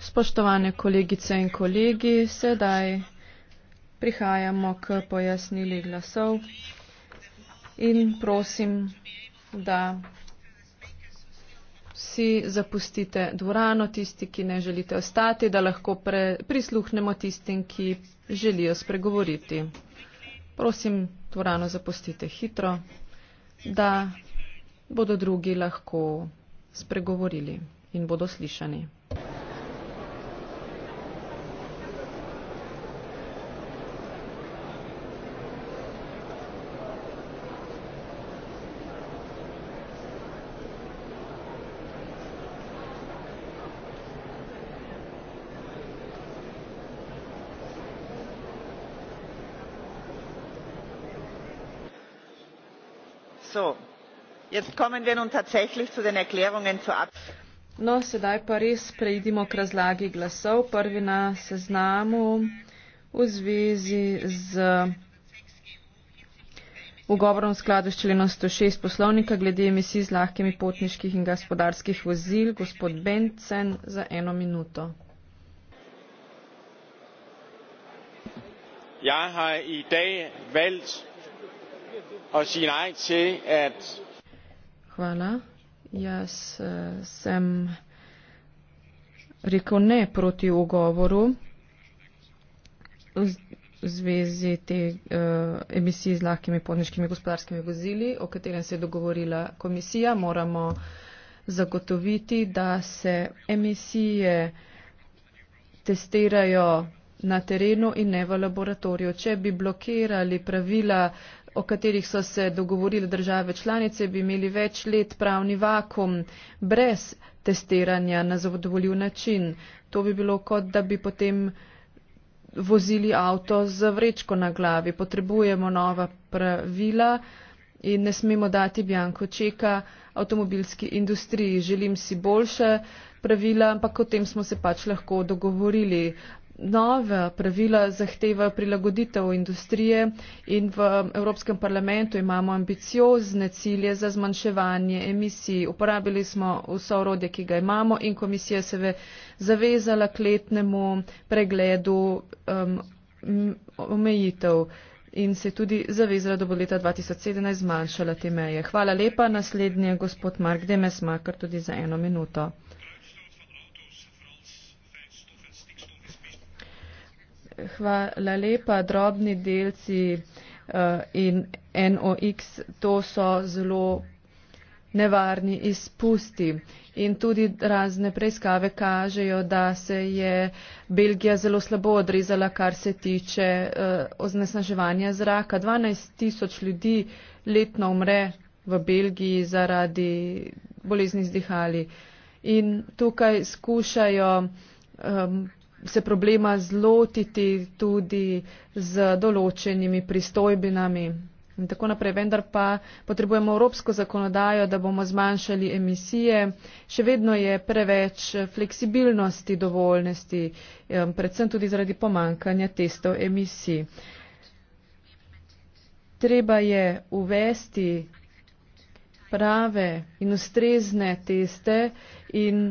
spoštovane kolegice in kolegi sedaj prihajamo k pojasnili glasov in prosim da vsi zapustite dvorano tisti ki ne želite ostati da lahko pre, prisluhnemo tistim ki želijo spregovoriti prosim dvorano zapustite hitro da bodo drugi lahko spregovorili in bodo slišani. no sedaj pa res preidimo k razlagi glasov. Prvi na seznamu v zvezi z ugovorom skladu s členom 106 poslovnika glede emisij z lahkimi potniških in gospodarskih vozil, gospod Bencen za eno minuto. Jeg har i dag valgt at sige nej til, at Hvala. Jaz uh, sem rekel ne proti ugovoru v zvezi te uh, eh, emisije z lahkimi potniškimi gospodarskimi vozili, o katerem se je dogovorila komisija. Moramo zagotoviti, da se emisije testirajo na terenu in ne v laboratoriju. Če bi blokirali pravila o katerih so se dogovorili države članice, bi imeli več let pravni vakum brez testiranja na zadovoljiv način. To bi bilo kot, da bi potem vozili avto z vrečko na glavi. Potrebujemo nova pravila in ne smemo dati bjanko čeka avtomobilski industriji. Želim si boljše pravila, ampak o tem smo se pač lahko dogovorili nove pravila zahteva prilagoditev industrije in v Evropskem parlamentu imamo ambiciozne cilje za zmanjševanje emisij. Uporabili smo vso orodje, ki ga imamo in komisija se je zavezala k letnemu pregledu um, omejitev in se je tudi zavezala, da bo leta 2017 zmanjšala te meje. Hvala lepa. Naslednji je gospod Mark Demesmaker tudi za eno minuto. hvala lepa. Drobni delci uh, in NOx, to so zelo nevarni izpusti. In tudi razne preiskave kažejo, da se je Belgija zelo slabo odrezala, kar se tiče uh, eh, oznesnaževanja zraka. 12 tisoč ljudi letno umre v Belgiji zaradi bolezni zdihali. In tukaj skušajo um, se problema zlotiti tudi z določenimi pristojbinami in tako naprej. Vendar pa potrebujemo evropsko zakonodajo, da bomo zmanjšali emisije. Še vedno je preveč fleksibilnosti, dovoljnosti, predvsem tudi zaradi pomankanja testov emisij. Treba je uvesti prave in ustrezne teste in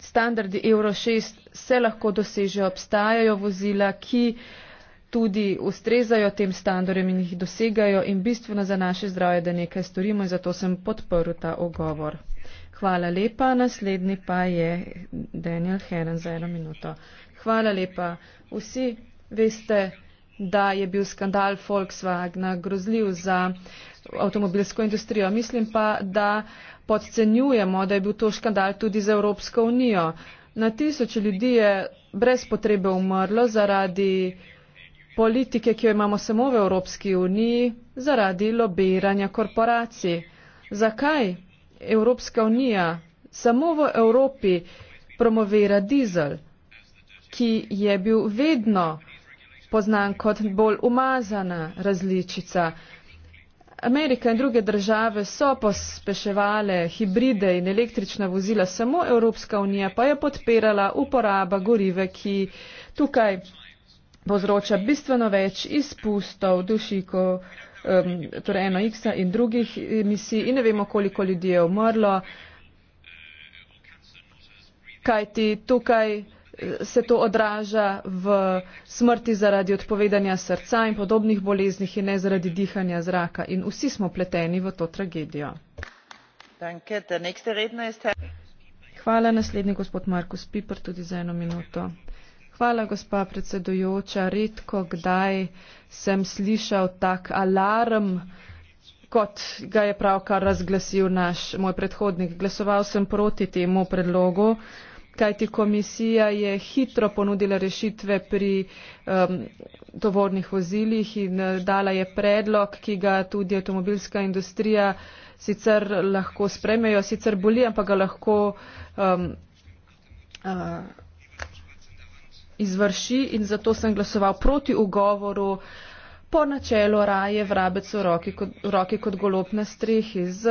standardi Euro 6 se lahko dosežejo, obstajajo vozila, ki tudi ustrezajo tem standardom in jih dosegajo in bistveno za naše zdravje, da nekaj storimo in zato sem podprl ta ogovor. Hvala lepa, naslednji pa je Daniel Heren za eno minuto. Hvala lepa. Vsi veste, da je bil skandal Volkswagen grozljiv za avtomobilsko industrijo. Mislim pa, da podcenjujemo, da je bil to škandal tudi za Evropsko unijo. Na tisoče ljudi je brez potrebe umrlo zaradi politike, ki jo imamo samo v Evropski uniji, zaradi lobiranja korporacij. Zakaj Evropska unija samo v Evropi promovira dizel, ki je bil vedno poznan kot bolj umazana različica. Amerika in druge države so pospeševale hibride in električna vozila, samo Evropska unija pa je podpirala uporaba gorive, ki tukaj povzroča bistveno več izpustov dušikov, um, torej eno X in drugih emisij in ne vemo, koliko ljudi je umrlo. Kajti tukaj se to odraža v smrti zaradi odpovedanja srca in podobnih boleznih in ne zaradi dihanja zraka. In vsi smo pleteni v to tragedijo. Hvala naslednji gospod Markus Piper tudi za eno minuto. Hvala, gospa predsedujoča. Redko kdaj sem slišal tak alarm, kot ga je pravkar razglasil naš moj predhodnik. Glasoval sem proti temu predlogu kajti komisija je hitro ponudila rešitve pri um, tovornih vozilih in eh, dala je predlog, ki ga tudi avtomobilska industrija sicer lahko spremejo, sicer boli, ampak ga lahko um, uh, izvrši in zato sem glasoval proti ugovoru po načelu raje vrabec v roki kot, kot golob na strehi z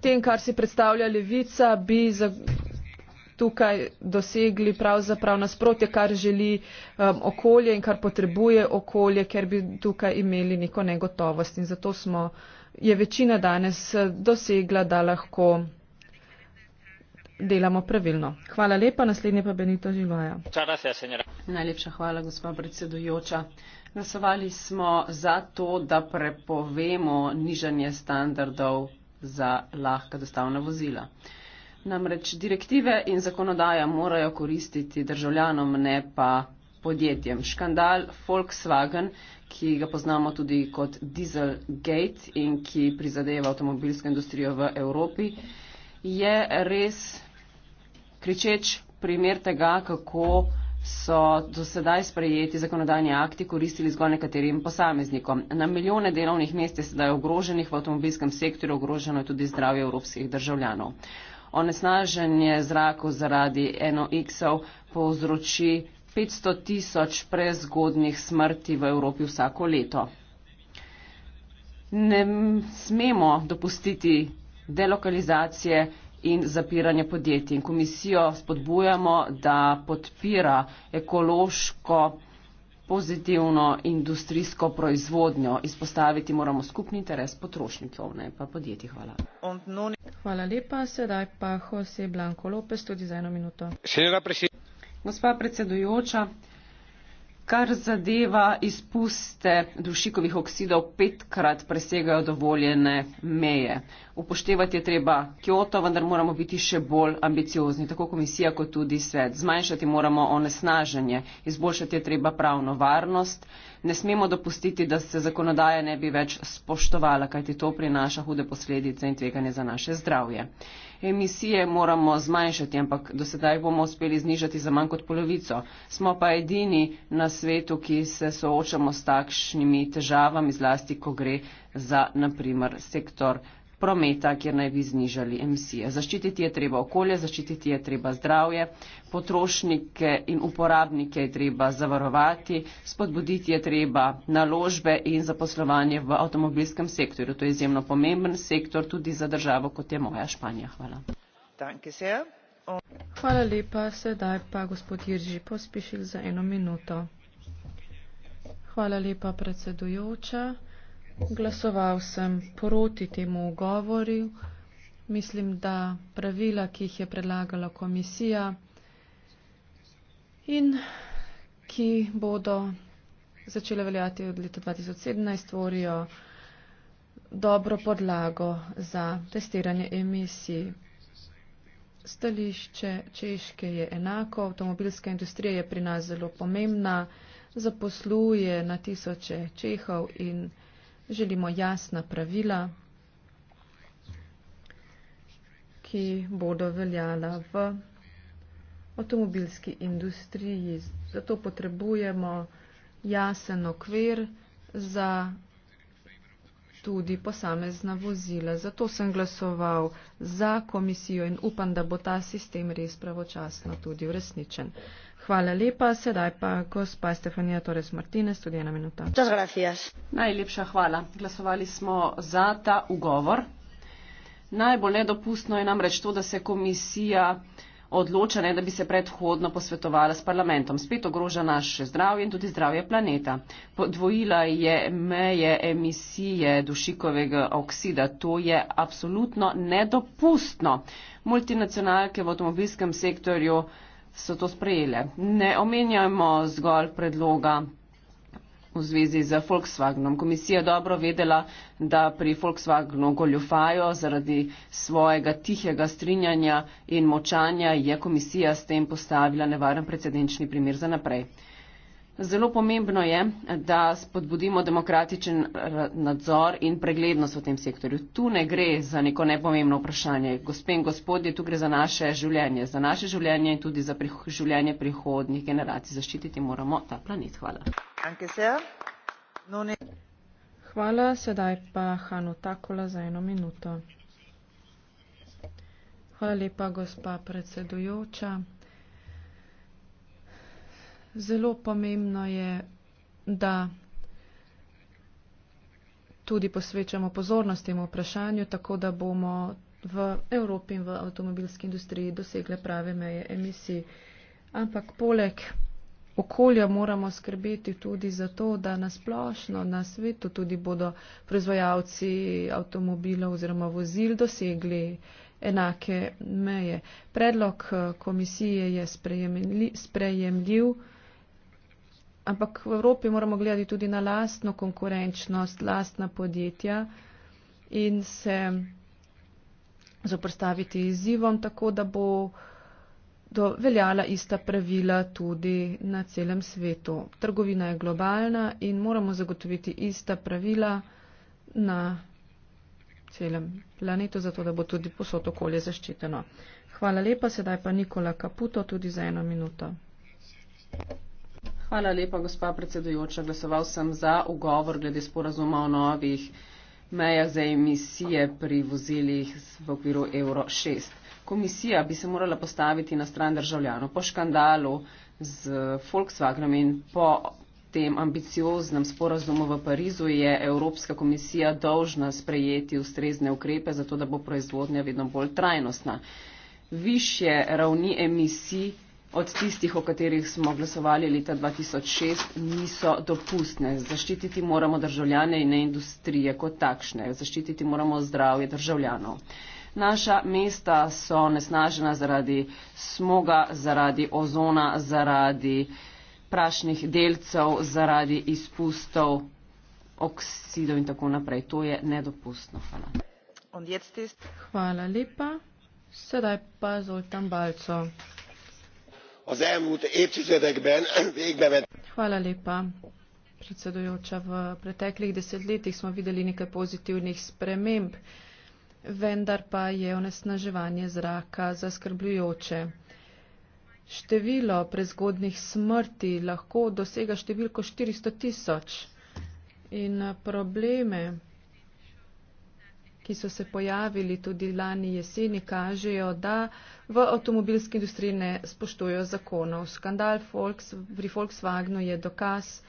tem, kar si predstavlja levica, bi za, tukaj dosegli pravzaprav nasprotje, kar želi um, okolje in kar potrebuje okolje, ker bi tukaj imeli neko negotovost. In zato smo, je večina danes uh, dosegla, da lahko delamo pravilno. Hvala lepa, naslednje pa Benito Živaja. Najlepša hvala, gospa predsedujoča. Glasovali smo za to, da prepovemo nižanje standardov za lahka dostavna vozila. Namreč direktive in zakonodaja morajo koristiti državljanom, ne pa podjetjem. Škandal Volkswagen, ki ga poznamo tudi kot Dieselgate in ki prizadeva avtomobilsko industrijo v Evropi, je res kričeč primer tega, kako so do sedaj sprejeti zakonodajni akti koristili zgolj nekaterim posameznikom. Na milijone delovnih mest je sedaj ogroženih v avtomobilskem sektorju, ogroženo je tudi zdravje evropskih državljanov. Onesnaženje zraku zaradi NOX-ov povzroči 500 tisoč prezgodnih smrti v Evropi vsako leto. Ne smemo dopustiti delokalizacije in zapiranje podjetij. In komisijo spodbujamo, da podpira ekološko pozitivno industrijsko proizvodnjo. Izpostaviti moramo skupni interes potrošnikov, ne pa podjetij. Hvala. Hvala lepa. Sedaj pa Jose Blanco Lopez tudi za eno minuto. Gospa predsedujoča, kar zadeva izpuste dušikovih oksidov, petkrat presegajo dovoljene meje. Upoštevati je treba Kyoto, vendar moramo biti še bolj ambiciozni, tako komisija kot tudi svet. Zmanjšati moramo onesnaženje, izboljšati je treba pravno varnost ne smemo dopustiti, da se zakonodaja ne bi več spoštovala, kajti to prinaša hude posledice in tveganje za naše zdravje. Emisije moramo zmanjšati, ampak do sedaj bomo uspeli znižati za manj kot polovico. Smo pa edini na svetu, ki se soočamo s takšnimi težavami, zlasti, ko gre za, naprimer, sektor prometa, kjer naj bi znižali emisije. Zaščititi je treba okolje, zaščititi je treba zdravje, potrošnike in uporabnike je treba zavarovati, spodbuditi je treba naložbe in zaposlovanje v avtomobilskem sektorju. To je izjemno pomemben sektor tudi za državo, kot je moja Španija. Hvala. Hvala lepa. Sedaj pa gospod Jirži pospišil za eno minuto. Hvala lepa, predsedujoča. Glasoval sem proti temu ugovoru. Mislim, da pravila, ki jih je predlagala komisija in ki bodo začele veljati od leta 2017, tvorijo dobro podlago za testiranje emisij. Stališče Češke je enako, avtomobilska industrija je pri nas zelo pomembna, zaposluje na tisoče Čehov in Čehov. Želimo jasna pravila, ki bodo veljala v avtomobilski industriji. Zato potrebujemo jasen okvir za tudi posamezna vozila. Zato sem glasoval za komisijo in upam, da bo ta sistem res pravočasno tudi uresničen. Hvala lepa, sedaj pa gospa Stefanija Torres-Martinez, tudi ena minuta. Najlepša hvala. Glasovali smo za ta ugovor. Najbolj nedopustno je namreč to, da se komisija odloča, ne, da bi se predhodno posvetovala s parlamentom. Spet ogroža naše zdravje in tudi zdravje planeta. Podvojila je meje emisije dušikovega oksida. To je absolutno nedopustno. Multinacionalke v avtomobilskem sektorju so to sprejele. Ne omenjamo zgolj predloga v zvezi z Volkswagenom. Komisija je dobro vedela, da pri Volkswagenu goljufajo zaradi svojega tihega strinjanja in močanja je komisija s tem postavila nevaren precedenčni primer za naprej. Zelo pomembno je, da spodbudimo demokratičen eh, nadzor in preglednost v tem sektorju. Tu ne gre za neko nepomembno vprašanje. Gospe in gospodje, tu gre za naše življenje, za naše življenje in tudi za priho življenje prihodnjih generacij. Zaščititi moramo ta planet. Hvala. Hvala, sedaj pa Hanu Takola za eno minuto. Hvala lepa, gospa predsedujoča zelo pomembno je, da tudi posvečamo pozornost temu vprašanju, tako da bomo v Evropi in v avtomobilski industriji dosegle prave meje emisij. Ampak poleg okolja moramo skrbeti tudi za to, da nasplošno na svetu tudi bodo proizvajalci avtomobilov oziroma vozil dosegli enake meje. Predlog eh, komisije je sprejemljiv. sprejemljiv Ampak v Evropi moramo gledati tudi na lastno konkurenčnost, lastna podjetja in se zoprstaviti izzivom tako, da bo do veljala ista pravila tudi na celem svetu. Trgovina je globalna in moramo zagotoviti ista pravila na celem planetu, zato da bo tudi posod okolje zaščiteno. Hvala lepa, sedaj pa Nikola Kaputo tudi za eno minuto. Thank you. Hvala lepa, gospa predsedujoča. Glasoval sem za ugovor glede sporazuma o novih mejah za emisije pri vozilih v okviru Euro 6. Komisija bi se morala postaviti na stran državljano po škandalu z Volkswagenom in po tem ambicioznem sporazumu v Parizu je Evropska komisija dolžna sprejeti ustrezne ukrepe, zato da bo proizvodnja vedno bolj trajnostna. Više ravni emisij od tistih, o katerih smo glasovali leta 2006, niso dopustne. Zaščititi moramo državljane in ne industrije kot takšne. Zaščititi moramo zdravje državljanov. Naša mesta so nesnažena zaradi smoga, zaradi ozona, zaradi prašnih delcev, zaradi izpustov oksidov in tako naprej. To je nedopustno. Hvala. Hvala lepa. Sedaj pa Zoltan Balco az elmúlt évtizedekben végbevett. vendar pa je onesnaževanje zraka zaskrbljujoče. Število prezgodnih smrti lahko dosega številko 400 tisoč in eh, probleme, ki so se pojavili tudi lani jeseni, kažejo, da v avtomobilski industriji ne spoštujejo zakonov. Skandal Volks, pri Volkswagenu je dokaz,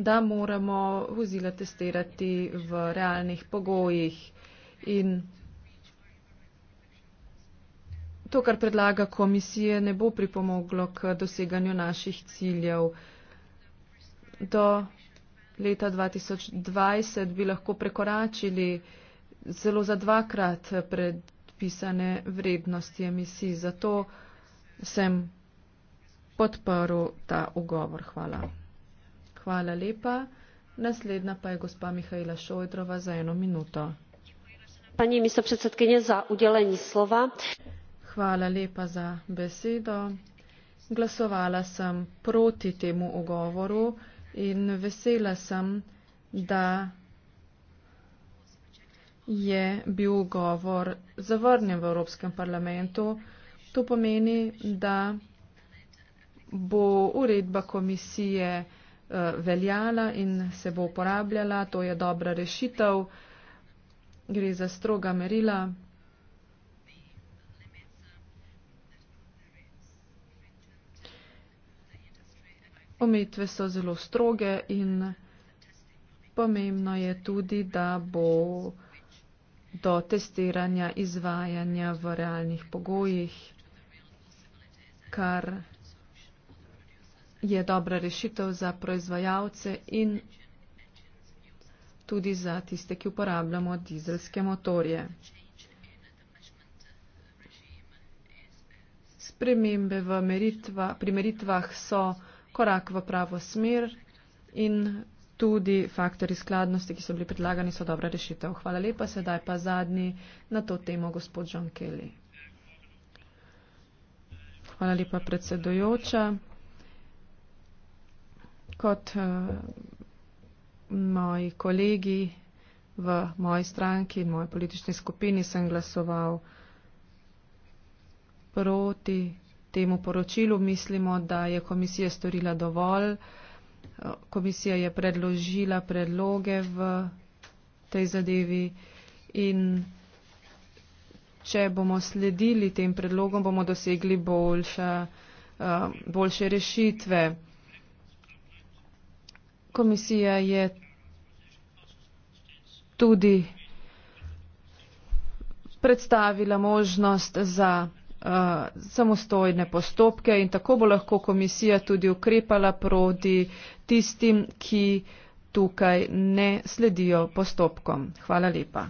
da moramo vozila testirati v realnih pogojih. In to, kar predlaga komisije, ne bo pripomoglo k doseganju naših ciljev. Do leta 2020 bi lahko prekoračili zelo za dvakrat pred, predpisane vrednosti emisij. Zato sem podporil ta ugovor. Hvala. Hvala lepa. Naslednja pa je gospa Mihajla Šojdrova za eno minuto. Pani misel predsedkinje za udeljenje slova. Hvala lepa za besedo. Glasovala sem proti temu ugovoru in vesela sem, da je bil govor zavrnjen v Evropskem parlamentu. To pomeni, da bo uredba komisije eh, veljala in se bo uporabljala. To je dobra rešitev. Gre za stroga merila. Omejitve so zelo stroge in pomembno je tudi, da bo do testiranja izvajanja v realnih pogojih, kar je dobra rešitev za proizvajalce in tudi za tiste, ki uporabljamo dizelske motorje. Spremembe v meritva, primeritvah so korak v pravo smer in tudi faktori skladnosti, ki so bili predlagani, so dobra rešitev. Hvala lepa, sedaj pa zadnji na to temo, gospod John Kelly. Hvala lepa, predsedujoča. Kot uh, moji kolegi v moji stranki in moji politični skupini sem glasoval proti temu poročilu. Mislimo, da je komisija storila dovolj. Uh, Komisija je predložila predloge v tej zadevi in če bomo sledili tem predlogom, bomo dosegli boljša, eh, boljše rešitve. Komisija je tudi predstavila možnost za uh, samostojne postopke in tako bo lahko komisija tudi ukrepala proti uh, tistim, ki tukaj ne sledijo postopkom. Hvala lepa.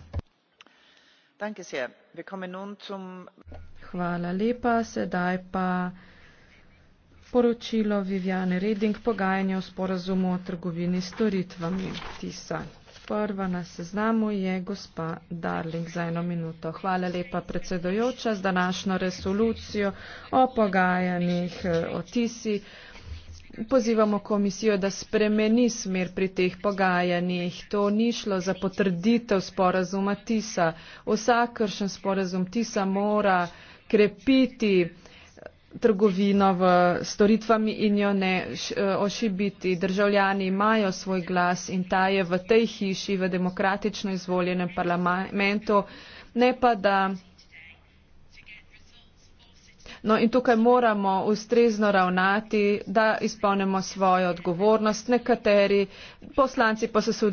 Hvala lepa. Sedaj pa poročilo Viviane Reding, pogajanje o sporazumu o trgovini storitvami TISA. Prva na seznamu je gospa Darling za eno minuto. Hvala lepa predsedojoča z današnjo resolucijo o pogajanjih eh, o TISI pozivamo komisijo, da spremeni smer pri teh pogajanjih. To ni šlo za potrditev sporazuma TISA. Vsakršen sporazum TISA mora krepiti eh, trgovino v storitvami in jo ne eh, ošibiti. Državljani imajo svoj glas in ta je v tej hiši, v demokratično izvoljenem parlamentu, ne pa da No in tukaj moramo ustrezno ravnati, da izpolnemo svojo odgovornost. Nekateri poslanci pa so se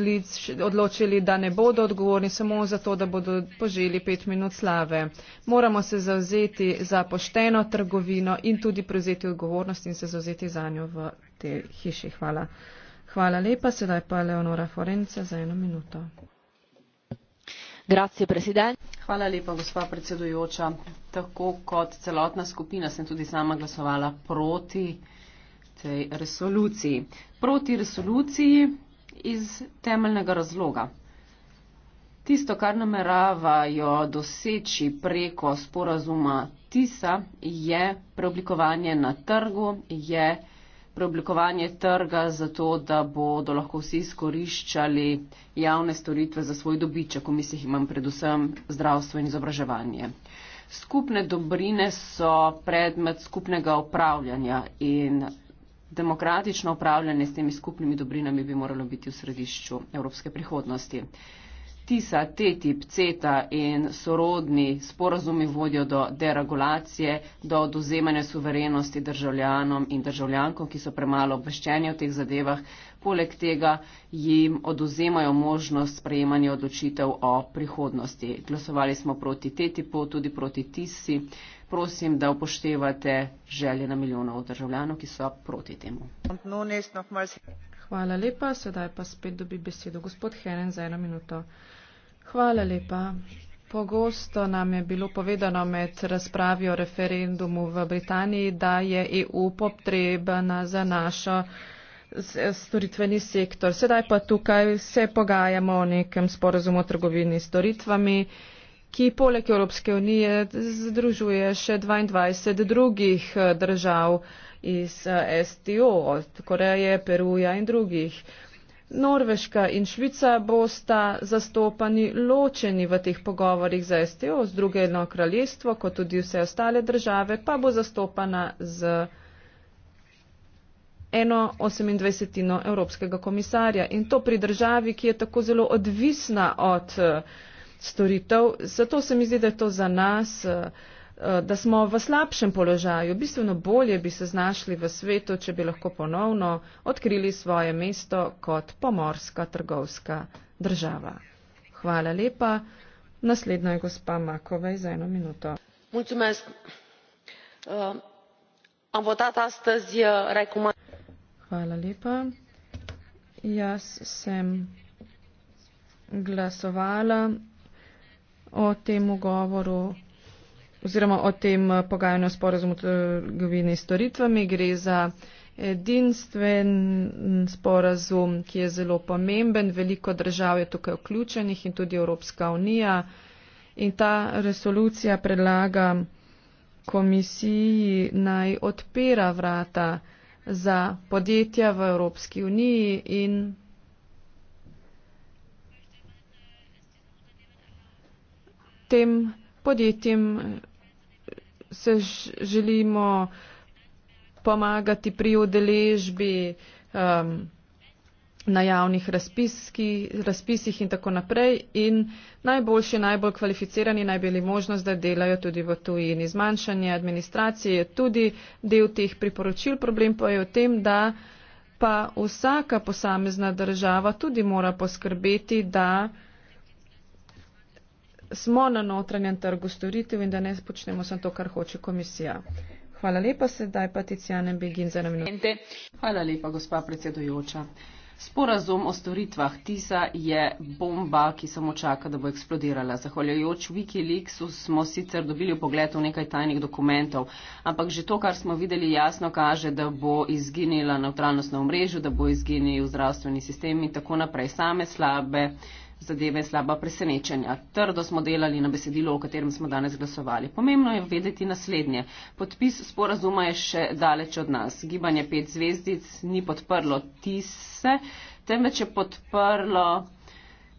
odločili, da ne bodo odgovorni samo zato, da bodo poželi pet minut slave. Moramo se zauzeti za pošteno trgovino in tudi prevzeti odgovornost in se zauzeti za njo v tej hiši. Hvala. Hvala lepa. Sedaj pa Leonora Forenca za eno minuto tako kot celotna skupina sem tudi sama glasovala proti tej resoluciji. Proti resoluciji iz temeljnega razloga. Tisto, kar nameravajo doseči preko sporazuma TISA, je preoblikovanje na trgu, je preoblikovanje trga za to, da bodo lahko vsi izkoriščali javne storitve za svoj dobiček, v mislih imam predvsem zdravstvo in izobraževanje. Skupne dobrine so predmet skupnega upravljanja in demokratično upravljanje s temi skupnimi dobrinami bi moralo biti v središču evropske prihodnosti tisa, TTIP, CETA in sorodni sporazumi vodijo do deregulacije, do oduzemanja suverenosti državljanom in državljankom, ki so premalo obveščeni o teh zadevah. Poleg tega jim oduzemajo možnost sprejemanja odločitev o prihodnosti. Glasovali smo proti TTIP-u, tudi proti TISI. Prosim, da upoštevate želje na milijonov državljanov, ki so proti temu. Hvala lepa. Sedaj pa spet dobi besedo gospod Henen za eno minuto. Hvala lepa. Pogosto nam je bilo povedano med razpravi o referendumu v Britaniji, da je EU potrebna za našo storitveni sektor. Sedaj pa tukaj se pogajamo o nekem sporozumu o trgovini s storitvami, ki poleg Evropske unije združuje še 22 drugih eh, držav iz eh, STO, od Koreje, Peruja in drugih. Norveška in Švica bosta zastopani ločeni v teh pogovorih za STO, z druge eno kraljestvo, kot tudi vse ostale države, pa bo zastopana z eno osemindvajsetino Evropskega komisarja. In to pri državi, ki je tako zelo odvisna od eh, storitev. Zato se mi zdi, da je to za nas. Uh, Eh, da smo v slabšem položaju, bistveno bolje bi se znašli v svetu, če bi lahko ponovno odkrili svoje mesto kot pomorska trgovska država. Hvala lepa. Naslednja je gospa Makova za eno minuto. Mulțumesc. Eh, am votat astăzi eh, recomand. Hvala lepa. Jaz sem glasovala o tem govoru oziroma o tem eh, pogajanju sporozumu trgovini storitvami. Gre za edinstven mm, sporazum, ki je zelo pomemben. Veliko držav je tukaj vključenih in tudi Evropska unija. In ta resolucija predlaga komisiji naj odpira vrata za podjetja v Evropski uniji in tem podjetjem se želimo pomagati pri udeležbi um, na javnih razpisih in tako naprej. In najboljši, najbolj kvalificirani naj bili možnost, da delajo tudi v tujini. Zmanjšanje administracije je tudi del teh priporočil. Problem pa je v tem, da pa vsaka posamezna država tudi mora poskrbeti, da smo na notranjem trgu storitev in da ne počnemo samo to, kar hoče komisija. Hvala lepa, sedaj pa Ticijane Begin za nam. Hvala lepa, gospa predsedujoča. Sporazum o storitvah TISA je bomba, ki samo čaka, da bo eksplodirala. Zahvaljujoč Wikileaksu smo sicer dobili pogled v nekaj tajnih dokumentov, ampak že to, kar smo videli, jasno kaže, da bo izginila neutralnost na omrežju, da bo izginil zdravstveni sistem in tako naprej. Same slabe zadeve slaba presenečenja. Trdo smo delali na besedilo, o katerem smo danes glasovali. Pomembno je vedeti naslednje. Podpis sporazuma je še daleč od nas. Gibanje pet zvezdic ni podprlo tise, temveč je podprlo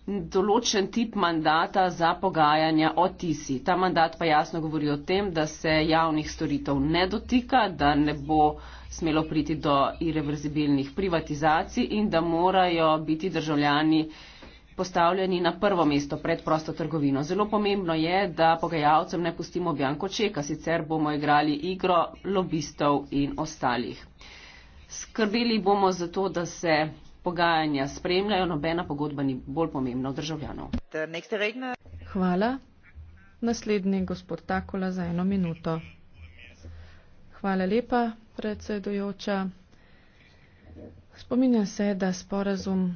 določen tip mandata za pogajanja o tisi. Ta mandat pa jasno govori o tem, da se javnih storitev ne dotika, da ne bo smelo priti do irreverzibilnih privatizacij in da morajo biti državljani postavljeni na prvo mesto pred prosto trgovino. Zelo pomembno je, da pogajalcem ne pustimo bjanko čeka, sicer bomo igrali igro lobistov in ostalih. Skrbeli bomo za to, da se pogajanja spremljajo, nobena pogodba ni bolj pomembna od državljanov. Hvala. Naslednji gospod Takola za eno minuto. Hvala lepa, predsedujoča. Spominjam se, da sporazum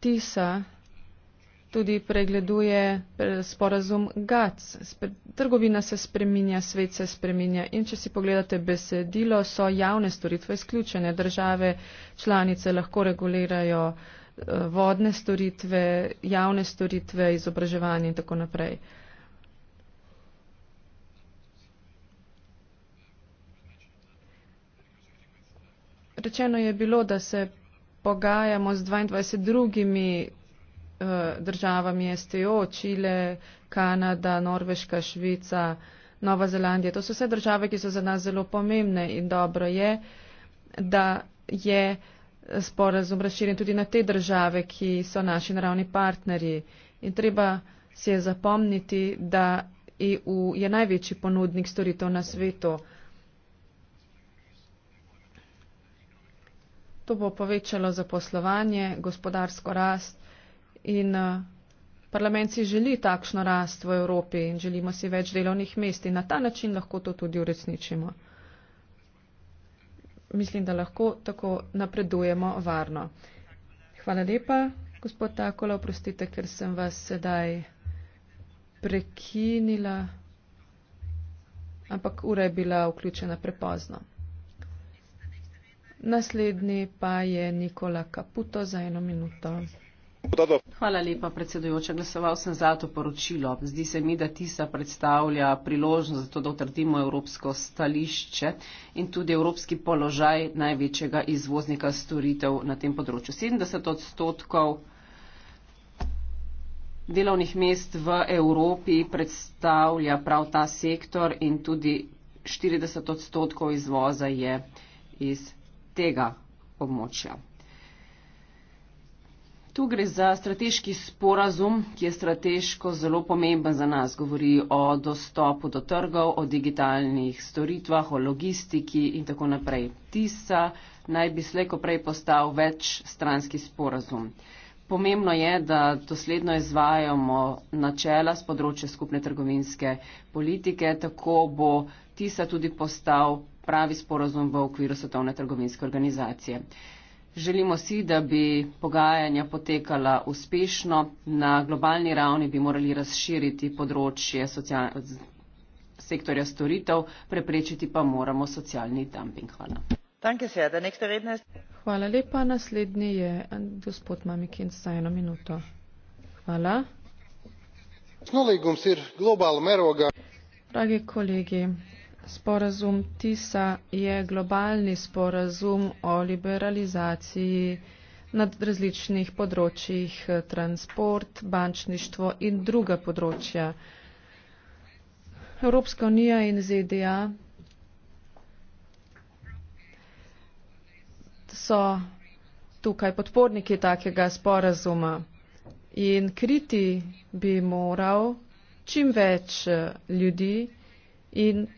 TISA tudi pregleduje eh, sporazum GATS. Trgovina se spreminja, svet se spreminja in če si pogledate besedilo, so javne storitve izključene. Države članice lahko regulirajo eh, vodne storitve, javne storitve, izobraževanje in tako naprej. Rečeno je bilo, da se pogajamo z 22 drugimi eh, državami STO, Čile, Kanada, Norveška, Švica, Nova Zelandija. To so vse države, ki so za nas zelo pomembne in dobro je, da je sporazum razširjen tudi na te države, ki so naši naravni partnerji. In treba si je zapomniti, da EU je največji ponudnik storitev na svetu. To bo povečalo zaposlovanje, gospodarsko rast in eh, parlament si želi takšno rast v Evropi in želimo si več delovnih mest in na ta način lahko to tudi uresničimo. Mislim, da lahko tako napredujemo varno. Hvala lepa, gospod Takola, oprostite, ker sem vas sedaj prekinila, ampak ura je bila vključena prepozno. Naslednji pa je Nikola Kaputo za eno minuto. Hvala lepa, predsedujoča. Glasoval sem za to poročilo. Zdi se mi, da TISA predstavlja priložnost za to, da utrdimo evropsko stališče in tudi evropski položaj največjega izvoznika storitev na tem področju. 70 odstotkov delovnih mest v Evropi predstavlja prav ta sektor in tudi 40 odstotkov izvoza je iz tega območja. Tu gre za strateški sporazum, ki je strateško zelo pomemben za nas. Govori o dostopu do trgov, o digitalnih storitvah, o logistiki in tako naprej. Tisa naj bi slejko prej postal več stranski sporazum. Pomembno je, da dosledno izvajamo načela z področja skupne trgovinske politike, tako bo Tisa tudi postal pravi sporozum v okviru Svetovne trgovinske organizacije. Želimo si, da bi pogajanja potekala uspešno. Na globalni ravni bi morali razširiti področje sektorja storitev, preprečiti pa moramo socialni dumping. Hvala. Hvala lepa. Naslednji je eh, gospod Mamikin za eno minuto. Hvala. Dragi kolegi, Sporazum TISA je globalni sporazum o liberalizaciji nad različnih področjih eh, transport, bančništvo in druga področja. Evropska unija in ZDA so tukaj podporniki takega sporazuma in kriti bi moral čim več eh, ljudi in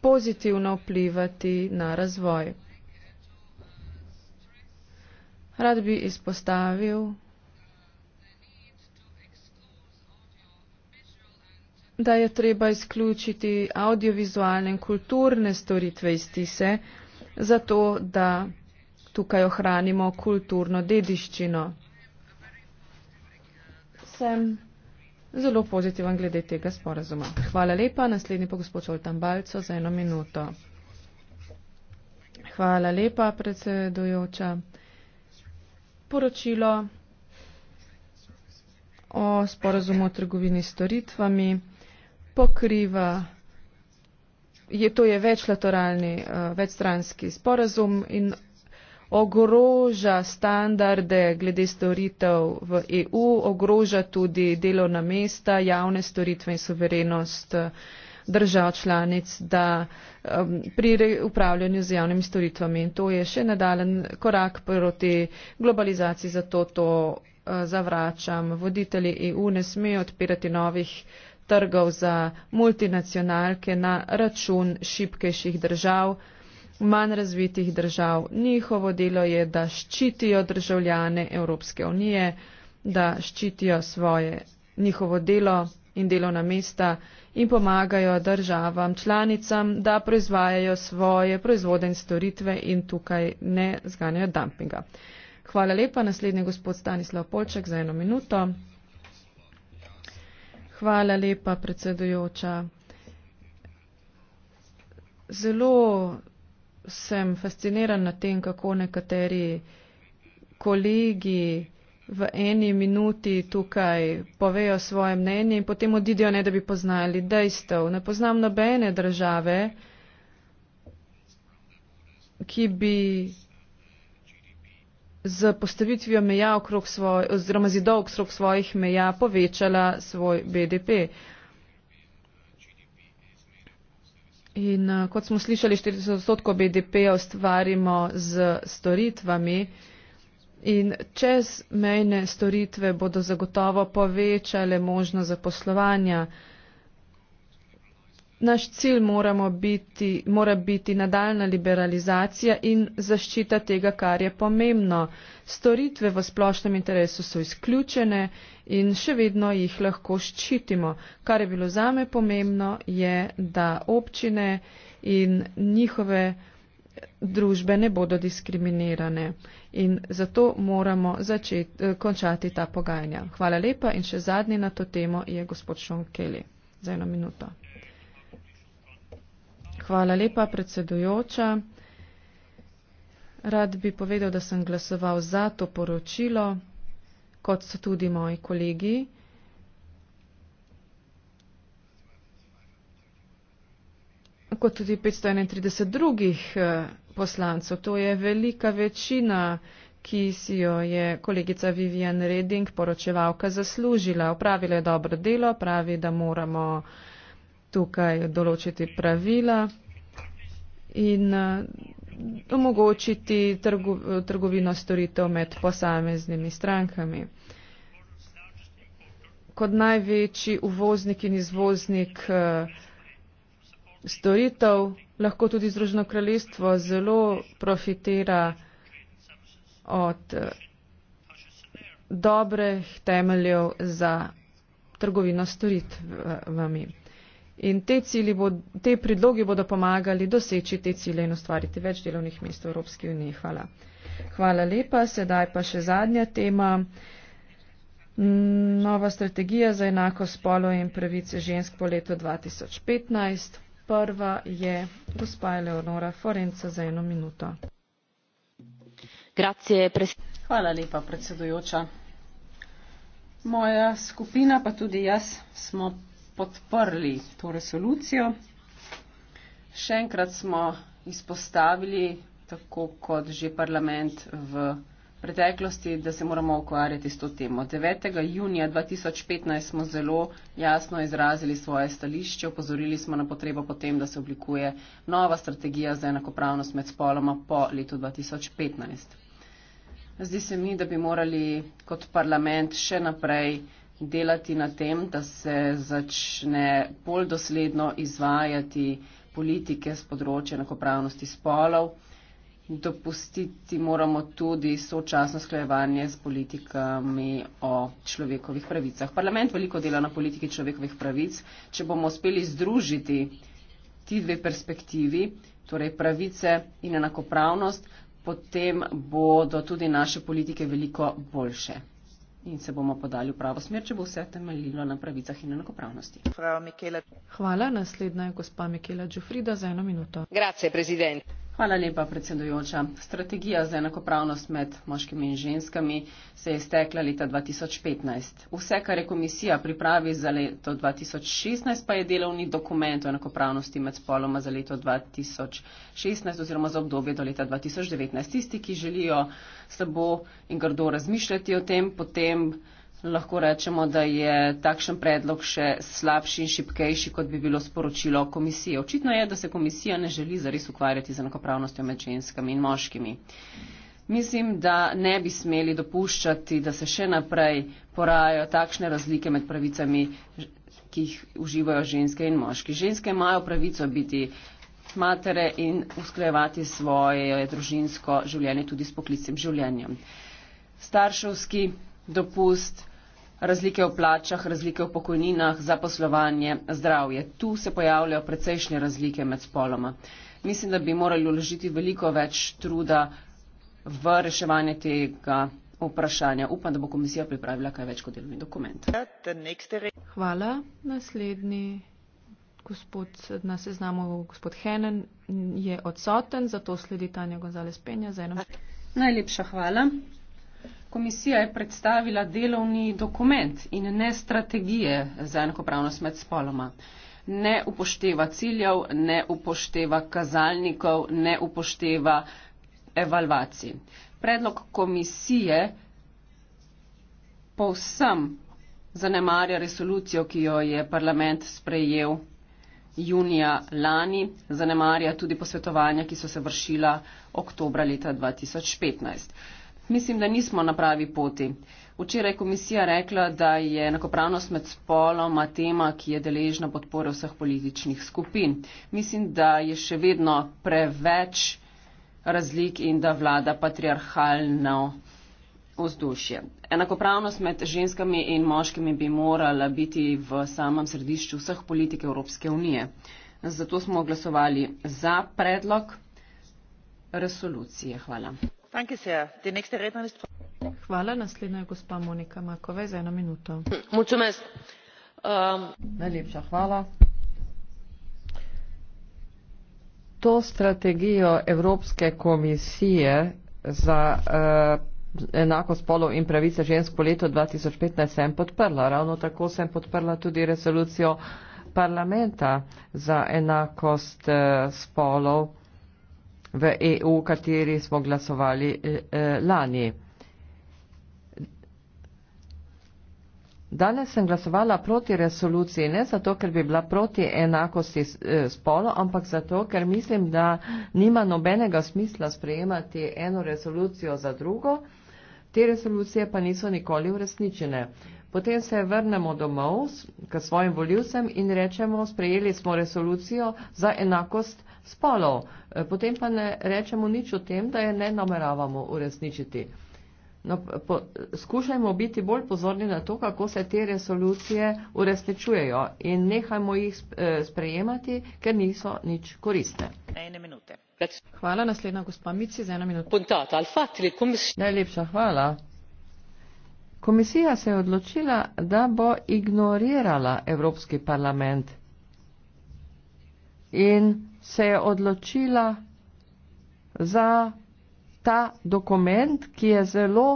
pozitivno vplivati na razvoj. Rad bi izpostavil, da je treba izključiti audiovizualne in kulturne storitve iz tise, zato da tukaj ohranimo kulturno dediščino. Sem zelo pozitiven glede tega sporazuma. Hvala lepa. Naslednji pa gospod Šoltan Balco za eno minuto. Hvala lepa, predsedujoča. Poročilo o sporazumu o trgovini storitvami pokriva. Je, to je večlateralni, eh, večstranski sporazum in ogroža standarde glede storitev v EU, ogroža tudi delovna mesta, javne storitve in soverenost eh, držav članic, da um, pri upravljanju z javnimi storitvami. In to je še nadalen korak proti globalizaciji, zato to uh, zavračam. Voditelji EU ne smejo odpirati novih trgov za multinacionalke na račun šipkejših držav manj razvitih držav. Njihovo delo je, da ščitijo državljane Evropske unije, da ščitijo svoje njihovo delo in delovna mesta in pomagajo državam, članicam, da proizvajajo svoje proizvode in storitve in tukaj ne zganjajo dumpinga. Hvala lepa. Naslednji gospod Stanislav Polček za eno minuto. Hvala lepa, predsedujoča. Zelo sem fasciniran na tem, kako nekateri kolegi v eni minuti tukaj povejo svoje mnenje in potem odidijo, ne da bi poznali dejstev. Ne poznam nobene države, ki bi z postavitvijo meja okrog svoj, oziroma zidov okrog svojih meja povečala svoj BDP. In uh, kot smo slišali, 40 odstotkov BDP-ja ustvarimo z storitvami in čezmejne storitve bodo zagotovo povečale možnost zaposlovanja. Uh, Naš cilj biti, mora biti nadaljna liberalizacija in zaščita tega, kar je pomembno. Storitve v splošnem interesu so izključene in še vedno jih lahko ščitimo. Kar je bilo zame pomembno, je, da občine in njihove družbe ne bodo diskriminirane. In zato moramo začet, eh, končati ta pogajanja. Hvala lepa in še zadnji na to temo je gospod Šonkeli. Za eno minuto. Hvala lepa, predsedujoča. Rad bi povedal, da sem glasoval za to poročilo, kot so tudi moji kolegi. kot tudi 531 drugih eh, poslancev. To je velika večina, ki si jo je kolegica Vivian Reding, poročevalka, zaslužila. Opravila je dobro delo, pravi, da moramo uh, tukaj določiti pravila in eh, omogočiti trgu, trgovino storitev med posameznimi strankami. Kot največji uvoznik in izvoznik eh, storitev lahko tudi Združeno kraljestvo zelo profitira od eh, dobreh temeljev za trgovino storitvami. In te, bo, te predlogi bodo pomagali doseči te cilje in ustvariti več delovnih mest v Evropski uniji. Hvala. Hvala lepa. Sedaj pa še zadnja tema. Nova strategija za enako spolo in pravice žensk po letu 2015. Prva je gospa Eleonora Forenca za eno minuto. Hvala lepa, predsedujoča. Moja skupina, pa tudi jaz, smo podprli to resolucijo. Še enkrat smo izpostavili, tako kot že parlament v preteklosti, da se moramo ukvarjati s to temo. 9. junija 2015 smo zelo jasno izrazili svoje stališče, opozorili smo na potrebo potem, da se oblikuje nova strategija za enakopravnost med spoloma po letu 2015. Zdi se mi, da bi morali kot parlament še naprej delati na tem, da se začne bolj dosledno izvajati politike z področja enakopravnosti spolov. Dopustiti moramo tudi sočasno sklajevanje s politikami o človekovih pravicah. Parlament veliko dela na politiki človekovih pravic. Če bomo uspeli združiti ti dve perspektivi, torej pravice in enakopravnost, potem bodo tudi naše politike veliko boljše in se bomo podali v pravo smer, če bo vse temeljilo na pravicah in enakopravnosti. Hvala, naslednja je gospa Mikela Džufrida za eno minuto. Grazie, Hvala lepa, predsedujoča. Strategija za enakopravnost med moškimi in ženskami se je stekla leta 2015. Vse, kar je komisija pripravi za leto 2016, pa je delovni dokument o enakopravnosti med spoloma za leto 2016 oziroma za obdobje do leta 2019. Tisti, ki želijo slabo in grdo razmišljati o tem, potem lahko rečemo, da je takšen predlog še slabši in šipkejši, kot bi bilo sporočilo komisije. Očitno je, da se komisija ne želi zares ukvarjati z enakopravnostjo med ženskami in moškimi. Mislim, da ne bi smeli dopuščati, da se še naprej porajajo takšne razlike med pravicami, ki jih uživajo ženske in moški. Ženske imajo pravico biti matere in usklejevati svoje družinsko življenje tudi s poklicnim življenjem. Starševski dopust razlike v plačah, razlike v pokojninah, zaposlovanje, zdravje. Tu se pojavljajo precejšnje razlike med spoloma. Mislim, da bi morali vložiti veliko več truda v reševanje tega vprašanja. Upam, da bo komisija pripravila kaj več kot delovni dokument. Hvala. Naslednji gospod na seznamu, gospod Henen, je odsoten, zato sledi Tanja Gonzales Penja za eno. Najlepša hvala. Komisija je predstavila delovni dokument in ne strategije za enakopravnost med spoloma. Ne upošteva ciljev, ne upošteva kazalnikov, ne upošteva evalvacij. Predlog komisije povsem zanemarja resolucijo, ki jo je parlament sprejel junija lani, zanemarja tudi posvetovanja, ki so se vršila oktobra leta 2015. Mislim, da nismo na pravi poti. Včeraj je komisija rekla, da je enakopravnost med spoloma tema, ki je deležna podpore vseh političnih skupin. Mislim, da je še vedno preveč razlik in da vlada patriarhalno vzdušje. Enakopravnost med ženskami in moškimi bi morala biti v samem središču vseh politik Evropske unije. Zato smo glasovali za predlog resolucije. Hvala. Um, to strategijo evropske komisije za eh, enakost spolov in pravice žensk po letu dva tisoč petnajst sem podprla ravno tako sem podprla tudi resolucijo parlamenta za enakost eh, spolov v EU, kateri smo glasovali eh, eh, lani. Danes sem glasovala proti resoluciji, ne zato, ker bi bila proti enakosti eh, spolo, ampak zato, ker mislim, da nima nobenega smisla sprejemati eno resolucijo za drugo, te resolucije pa niso nikoli uresničene. Potem se vrnemo domov k svojim voljivcem in rečemo, sprejeli smo resolucijo za enakost spolov. E, potem pa ne rečemo nič o tem, da je ne nameravamo uresničiti. No, po, skušajmo biti bolj pozorni na to, kako se te resolucije uresničujejo in nehajmo jih e, sprejemati, ker niso nič koristne. Hvala, naslednja gospa Mici za eno minuto. Najlepša hvala. Komisija se je odločila, da bo ignorirala Evropski parlament in se je odločila za ta dokument, ki je zelo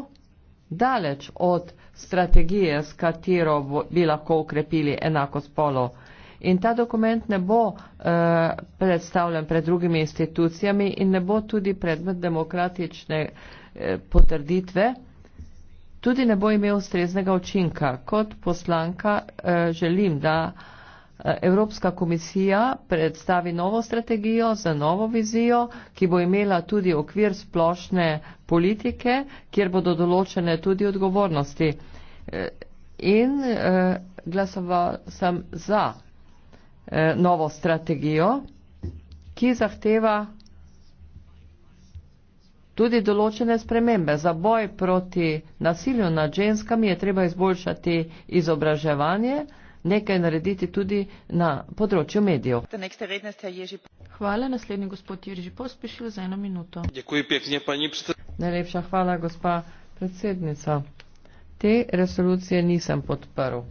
daleč od strategije, s katero bi lahko ukrepili enako spolo. In ta dokument ne bo uh, predstavljen pred drugimi institucijami in ne bo tudi predmet demokratične uh, potrditve tudi ne bo imel ustreznega učinka. Kot poslanka eh, želim, da eh, Evropska komisija predstavi novo strategijo za novo vizijo, ki bo imela tudi okvir splošne politike, kjer bodo določene tudi odgovornosti. Eh, in eh, glasoval sem za eh, novo strategijo, ki zahteva Tudi določene spremembe za boj proti nasilju nad ženskami je treba izboljšati izobraževanje, nekaj narediti tudi na področju medijev. Hvala, naslednji gospod Jerži Pospešil za eno minuto. Pekne, Najlepša hvala, gospa predsednica. Te resolucije nisem podprl.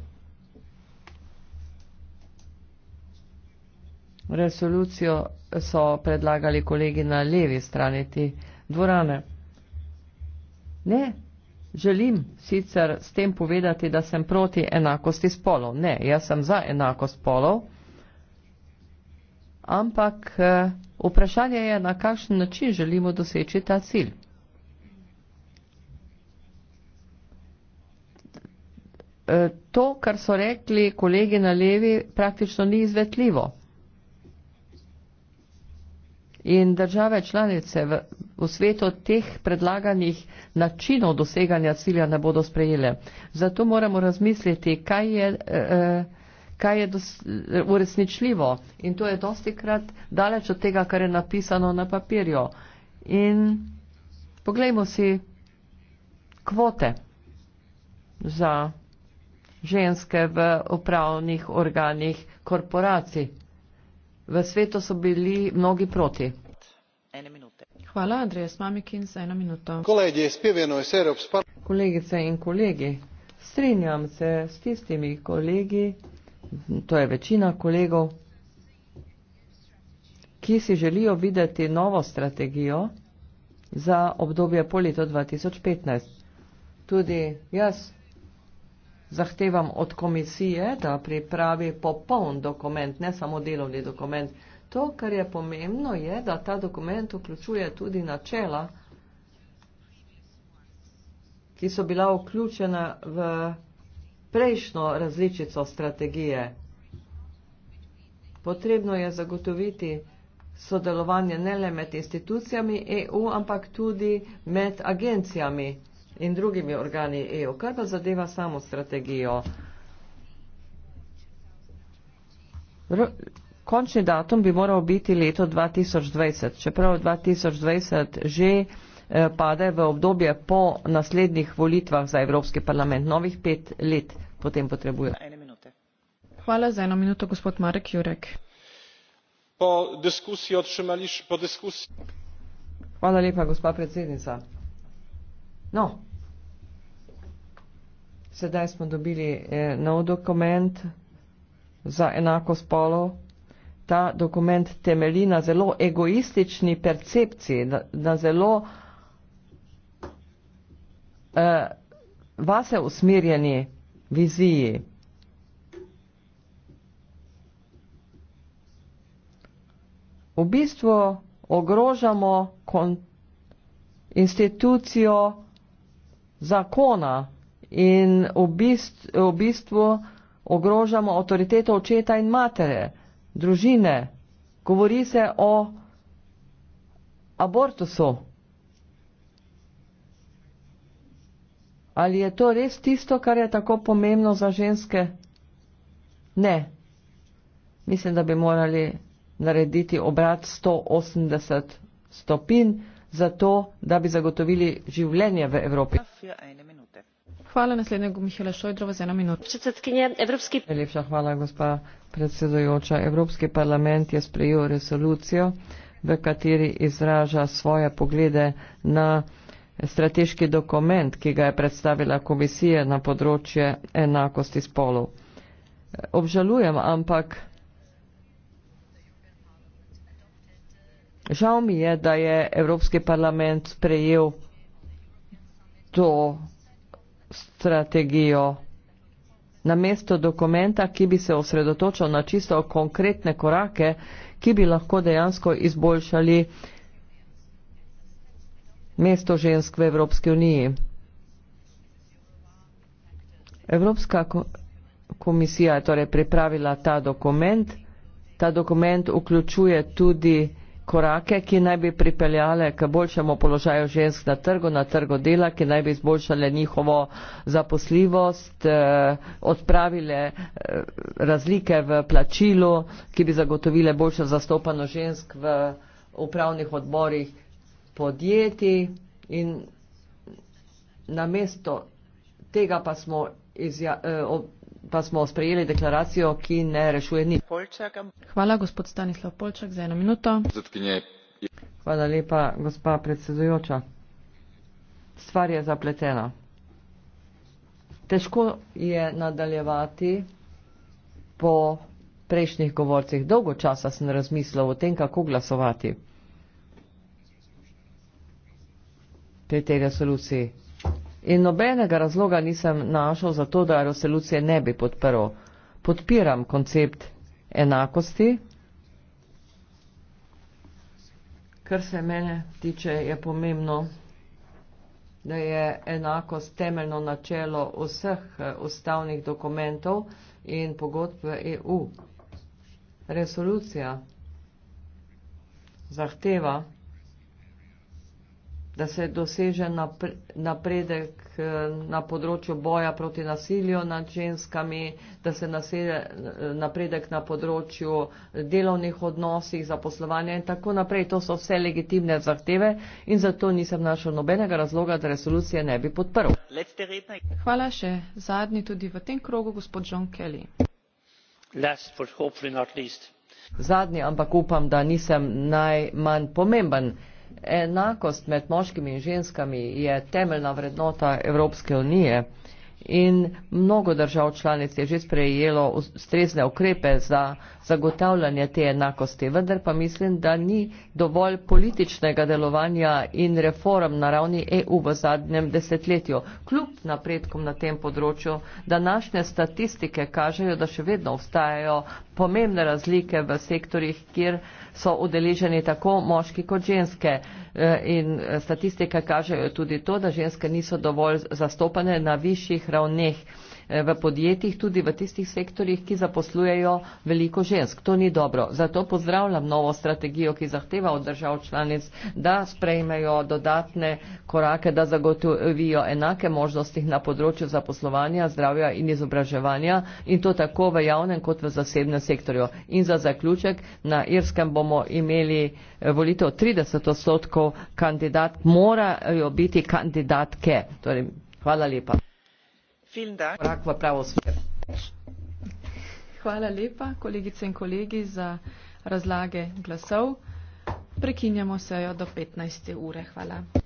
Resolucijo so predlagali kolegi na levi strani. Ti dvorane. Ne, želim sicer s tem povedati, da sem proti enakosti spolov. Ne, jaz sem za enakost spolov, ampak eh, vprašanje je, na kakšen način želimo doseči ta cilj. Eh, to, kar so rekli kolegi na levi, praktično ni izvetljivo in države članice v, v svetu teh predlaganih načinov doseganja cilja ne bodo sprejele. Zato moramo razmisliti, kaj je, eh, eh kaj je dos, eh, uresničljivo in to je dosti krat daleč od tega, kar je napisano na papirju. In poglejmo si kvote za ženske v upravnih organih korporacij. V svetu so bili mnogi proti. Hvala, Andrejs Mamikin, za eno minuto. Kolegice in kolegi, strinjam se s tistimi kolegi, to je večina kolegov, ki si želijo videti novo strategijo za obdobje po letu 2015. Tudi jaz zahtevam od komisije, da pripravi popoln dokument, ne samo delovni dokument. To, kar je pomembno, je, da ta dokument vključuje tudi načela, ki so bila vključena v prejšnjo različico strategije. Potrebno je zagotoviti sodelovanje ne le med institucijami EU, ampak tudi med agencijami EU in drugimi organi EU. Kaj pa zadeva samo strategijo? Končni datum bi moral biti leto 2020, čeprav 2020 že eh, pade v obdobje po naslednjih volitvah za Evropski parlament. Novih pet let potem potrebuje. Hvala za eno minuto, gospod Marek Jurek. Po diskusiji odšemališ po diskusiji. Hvala lepa, gospa predsednica. No, sedaj smo dobili eh, nov dokument za enako spolo. Ta dokument temeli na zelo egoistični percepciji, na, na zelo eh, vase usmirjeni viziji. V bistvu ogrožamo institucijo, zakona in v bistvu, v bistvu ogrožamo avtoriteto očeta in matere, družine. Govori se o abortusu. Ali je to res tisto, kar je tako pomembno za ženske? Ne. Mislim, da bi morali narediti obrat 180 stopinj za to, da bi zagotovili življenje v Evropi. Hvala naslednjemu Mihaela Šojdrova za eno minuto. Evropski... Najlepša hvala, gospa predsedojoča. Evropski parlament je sprejel resolucijo, v kateri izraža svoje poglede na strateški dokument, ki ga je predstavila komisija na področje enakosti spolov. Obžalujem, ampak Žal mi je, da je Evropski parlament prejel to strategijo namesto dokumenta, ki bi se osredotočal na čisto konkretne korake, ki bi lahko dejansko izboljšali mesto žensk v Evropski uniji. Evropska komisija je torej pripravila ta dokument. Ta dokument vključuje tudi korake, ki naj bi pripeljale k boljšemu položaju žensk na trgu, na trgu dela, ki naj bi izboljšale njihovo zaposljivost, eh, odpravile eh, razlike v plačilu, ki bi zagotovile boljšo zastopano žensk v upravnih odborih podjetij in namesto tega pa smo izja, eh, pa smo sprejeli deklaracijo, ki ne rešuje nič. Hvala, gospod Stanislav Polčak, za eno minuto. Hvala lepa, gospa predsedujoča. Stvar je zapletena. Težko je nadaljevati po prejšnjih govorcih. Dolgo časa sem razmislil o tem, kako glasovati pri tej resoluciji. In nobenega razloga nisem našel za to, da resolucije ne bi podprl. Podpiram koncept enakosti. Kar se mene tiče, je pomembno, da je enakost temeljno načelo vseh eh, ustavnih dokumentov in pogodb v EU. Resolucija zahteva, da se doseže napredek eh, na področju boja proti nasilju nad ženskami, da se naselje eh, napredek na področju delovnih odnosih, zaposlovanja in tako naprej. To so vse legitimne zahteve in zato nisem našel nobenega razloga, da resolucije ne bi podprl. Hvala še. Zadnji tudi v tem krogu, gospod John Kelly. Zadnji, ampak upam, da nisem najmanj pomemben enakost med moškimi in ženskami je temeljna vrednota Evropske unije in mnogo držav članic je že sprejelo ustrezne ukrepe za zagotavljanje te enakosti. Vendar pa mislim, da ni dovolj političnega delovanja in reform na ravni EU v zadnjem desetletju. Kljub napredkom na tem področju, današnje statistike kažejo, da še vedno obstajajo pomembne razlike v sektorjih, kjer so udeleženi tako moški kot ženske. E, in e, statistike kažejo tudi to, da ženske niso dovolj zastopane na višjih ravneh. Eh, v podjetjih, tudi v tistih sektorjih, ki zaposlujejo veliko žensk. To ni dobro. Zato pozdravljam novo strategijo, ki zahteva od držav članic, da sprejmejo dodatne korake, da zagotovijo enake možnosti na področju zaposlovanja, zdravja in izobraževanja in to tako v javnem kot v zasebnem sektorju. In za zaključek, na Irskem bomo imeli eh, volitev 30 odstotkov kandidat, morajo biti kandidatke. Torej, hvala lepa korak v pravo smer. Hvala lepa, kolegice in kolegi, za razlage glasov. Prekinjamo sejo do 15. ure. Hvala.